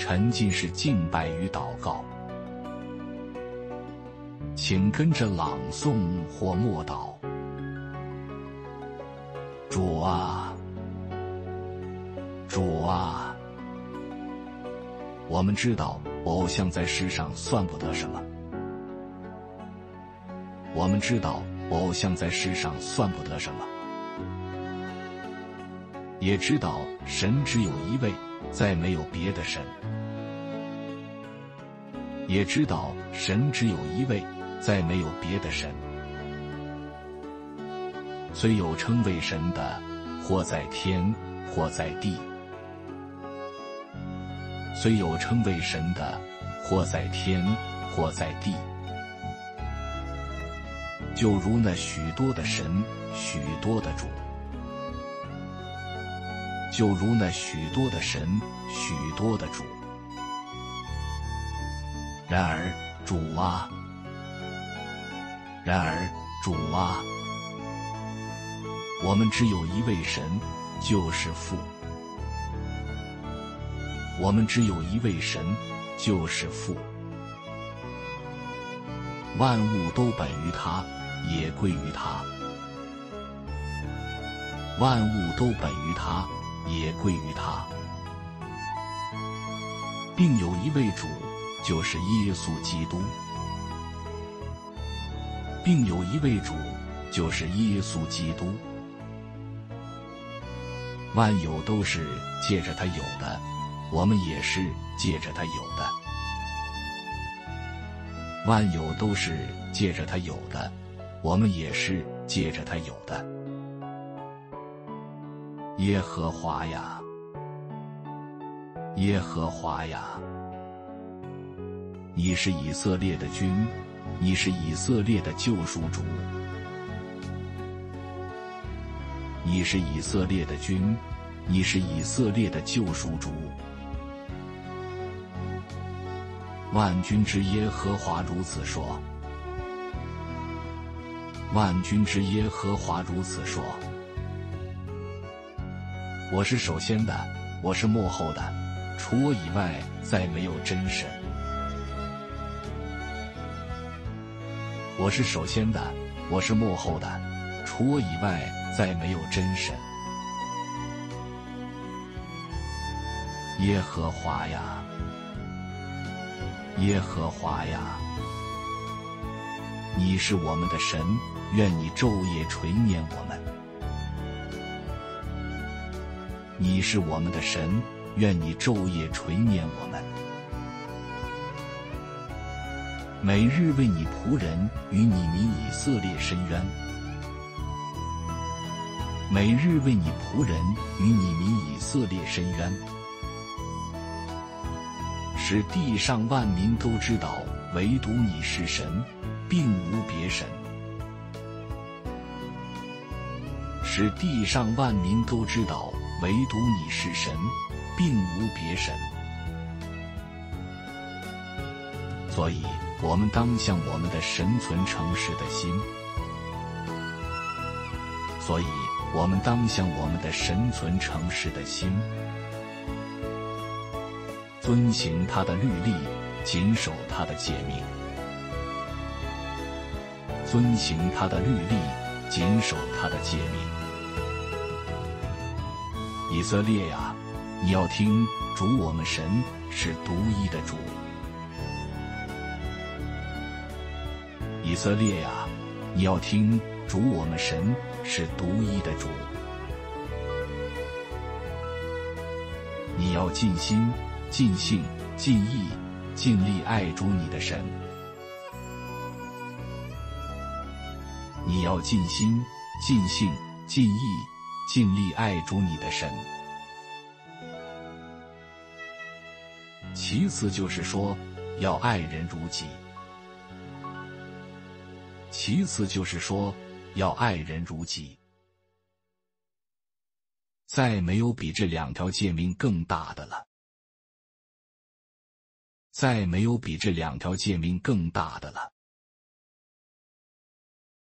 沉浸式敬拜與禱告，請跟着朗誦或默禱。主啊，主啊，我們知道偶像在世上算不得什麼，我們知道偶像在世上算不得什麼，也知道神只有一位。再沒有別的神，也知道神只有一位，再沒有別的神。雖有稱為神的，或在天，或在地，雖有稱為神的，或在天，或在地。就如那許多的神，許多的主。就如那許多的神，許多的主。然而主啊，然而主啊，我們只有一位神，就是父。我們只有一位神，就是父。萬物都本於他，也歸於他。萬物都本於他。也歸於他，並有一位主，就是耶穌基督，並有一位主，就是耶穌基督。萬有都是借着他有的，我們也是借着他有的。萬有都是借着他有的，我們也是借着他有的。耶和華呀，耶和華呀，你是以色列的君，你是以色列的救贖主，你是以色列的君，你是以色列的救贖主。萬軍之耶和華如此說，萬軍之耶和華如此說。我是首先的，我是末後的，除我以外再沒有真神。我是首先的，我是末後的，除我以外再沒有真神。耶和華啊，耶和華啊，你是我們的神，願你晝夜垂念我們。你是我們的神，願你晝夜垂念我們，每日為你僕人與你民以色列伸冤，每日為你僕人與你民以色列伸冤，使地上萬民都知道，唯獨你是神，並無別神，使地上萬民都知道。唯獨你是神，並無別神，所以我們當向我們的神存誠實的心。所以我們當向我們的神存誠實的心，遵行他的律例，謹守他的誡命。遵行他的律例，謹守他的誡命。以色列啊，你要聽，主我們神是獨一的主。以色列啊，你要聽，主我們神是獨一的主。你要盡心、盡性、盡意、盡力愛主你的神。你要盡心、盡性、盡意。盡力愛主你的神。其次就是說，要愛人如己。其次就是說，要愛人如己。再沒有比這兩條誡命更大的了。再沒有比這兩條誡命更大的了。